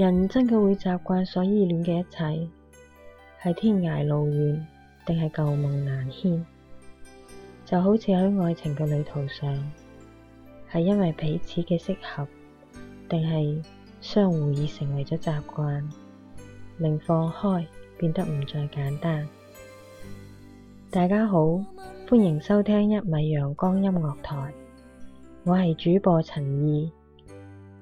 人真嘅會習慣所依戀嘅一切，係天涯路遠，定係舊夢難牽？就好似喺愛情嘅旅途上，係因為彼此嘅適合，定係相互已成為咗習慣，令放開變得唔再簡單。大家好，歡迎收聽一米陽光音樂台，我係主播陳懿。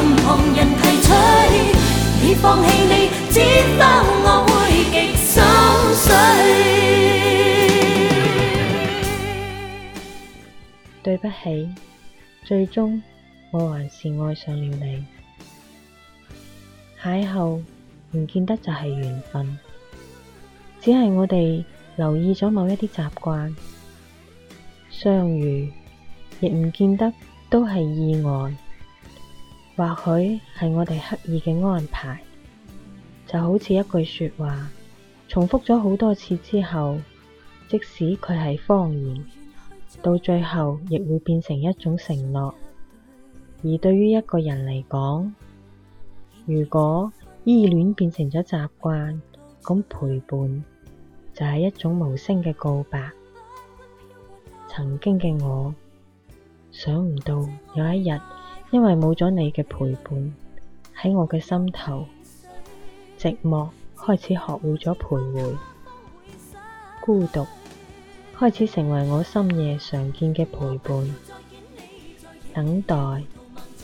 任人提出，你放棄，只得我會極心碎。對不起，最終我還是愛上了你。邂逅唔見得就係緣分，只係我哋留意咗某一啲習慣，相遇亦唔見得都係意外。或許係我哋刻意嘅安排，就好似一句說話，重複咗好多次之後，即使佢係謊言，到最後亦會變成一種承諾。而對於一個人嚟講，如果依戀變成咗習慣，咁陪伴就係一種無聲嘅告白。曾經嘅我，想唔到有一日。因為冇咗你嘅陪伴喺我嘅心頭，寂寞開始學會咗徘徊。孤獨開始成為我深夜常見嘅陪伴，等待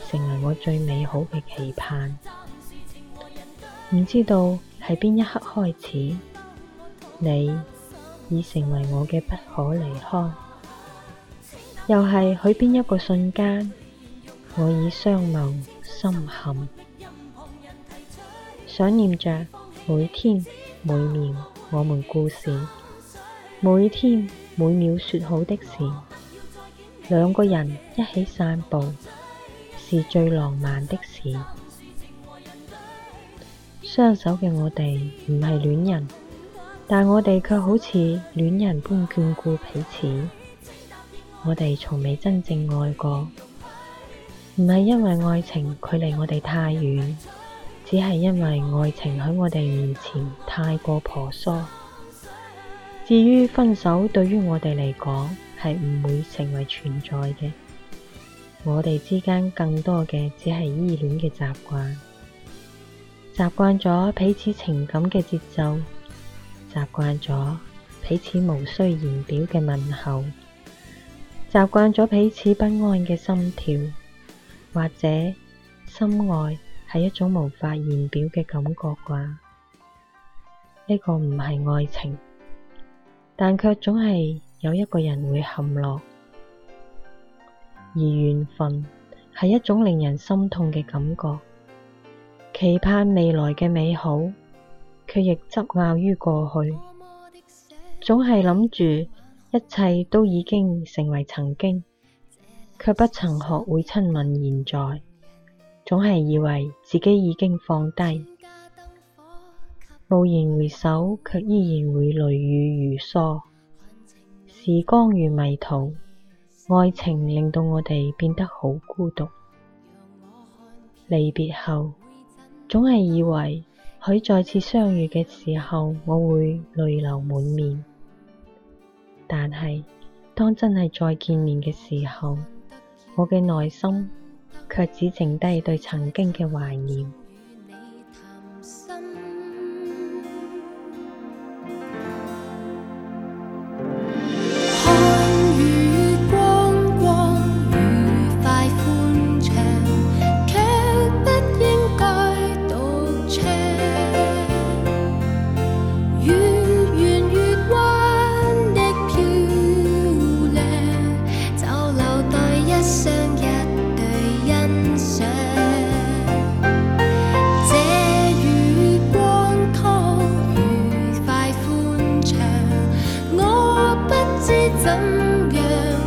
成為我最美好嘅期盼。唔知道喺邊一刻開始，你已成為我嘅不可離開，又係喺邊一個瞬間。我已雙眸心坎想念着每天每秒我們故事，每天每秒說好的事。兩個人一起散步是最浪漫的事。雙手嘅我哋唔係戀人，但我哋卻好似戀人般眷顧彼此。我哋從未真正愛過。唔係因為愛情距離我哋太遠，只係因為愛情喺我哋面前太過婆娑。至於分手，對於我哋嚟講係唔會成為存在嘅。我哋之間更多嘅只係依戀嘅習慣，習慣咗彼此情感嘅節奏，習慣咗彼此無需言表嘅問候，習慣咗彼此不安嘅心跳。或者心愛係一種無法言表嘅感覺啩，呢、這個唔係愛情，但卻總係有一個人會陷落。而緣分係一種令人心痛嘅感覺，期盼未來嘅美好，卻亦執拗於過去，總係諗住一切都已經成為曾經。卻不曾學會親吻現在，總係以為自己已經放低，驀然回首，卻依然會淚雨如梭。時光如迷途，愛情令到我哋變得好孤獨。離別後，總係以為許再次相遇嘅時候，我會淚流滿面。但係當真係再見面嘅時候，我嘅內心卻只剩低對曾經嘅懷念。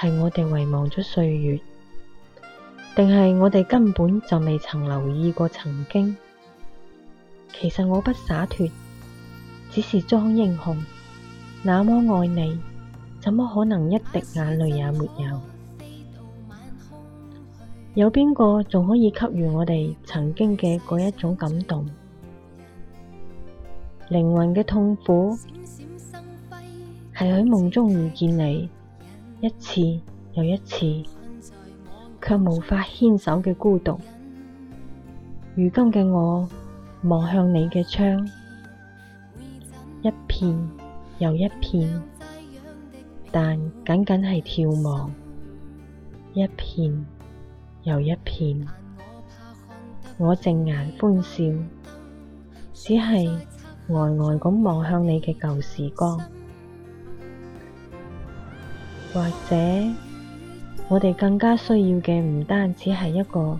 係我哋遺忘咗歲月，定係我哋根本就未曾留意過曾經。其實我不灑脫，只是裝英雄。那麼愛你，怎麼可能一滴眼淚也沒有？有邊個仲可以給予我哋曾經嘅嗰一種感動？靈魂嘅痛苦，係喺夢中遇見你。一次又一次，卻無法牽手嘅孤獨。如今嘅我望向你嘅窗，一片又一片，但僅僅係眺望，一片又一片。我靜眼歡笑，只係呆呆咁望向你嘅舊時光。或者，我哋更加需要嘅唔單止係一個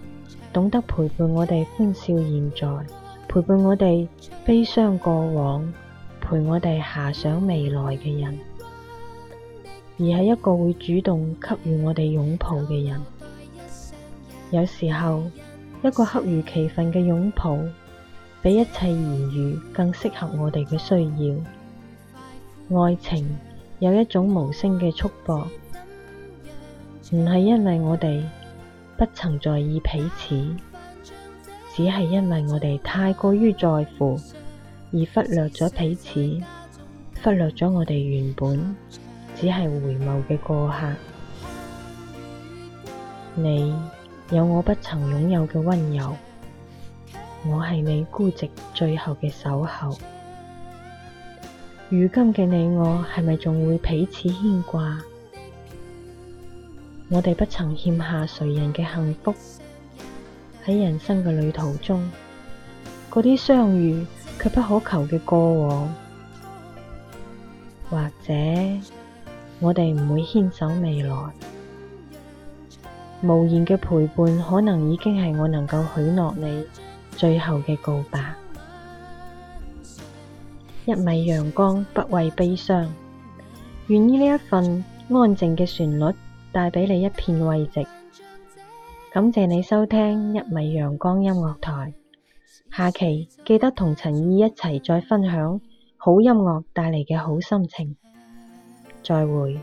懂得陪伴我哋歡笑現在、陪伴我哋悲傷過往、陪我哋遐想未來嘅人，而係一個會主動給予我哋擁抱嘅人。有時候，一個恰如其分嘅擁抱，比一切言語更適合我哋嘅需要。愛情。有一種無聲嘅束縛，唔係因為我哋不曾在意彼此，只係因為我哋太過於在乎，而忽略咗彼此，忽略咗我哋原本只係回眸嘅過客。你有我不曾擁有嘅溫柔，我係你孤寂最後嘅守候。如今嘅你我，係咪仲會彼此牽掛？我哋不曾欠下誰人嘅幸福。喺人生嘅旅途中，嗰啲相遇，卻不可求嘅過往，或者我哋唔會牽手未來。無言嘅陪伴，可能已經係我能夠許諾你最後嘅告白。一米陽光，不畏悲傷。願意呢一份安靜嘅旋律，帶俾你一片慰藉。感謝你收聽一米陽光音樂台，下期記得同陳懿一齊再分享好音樂帶嚟嘅好心情。再會。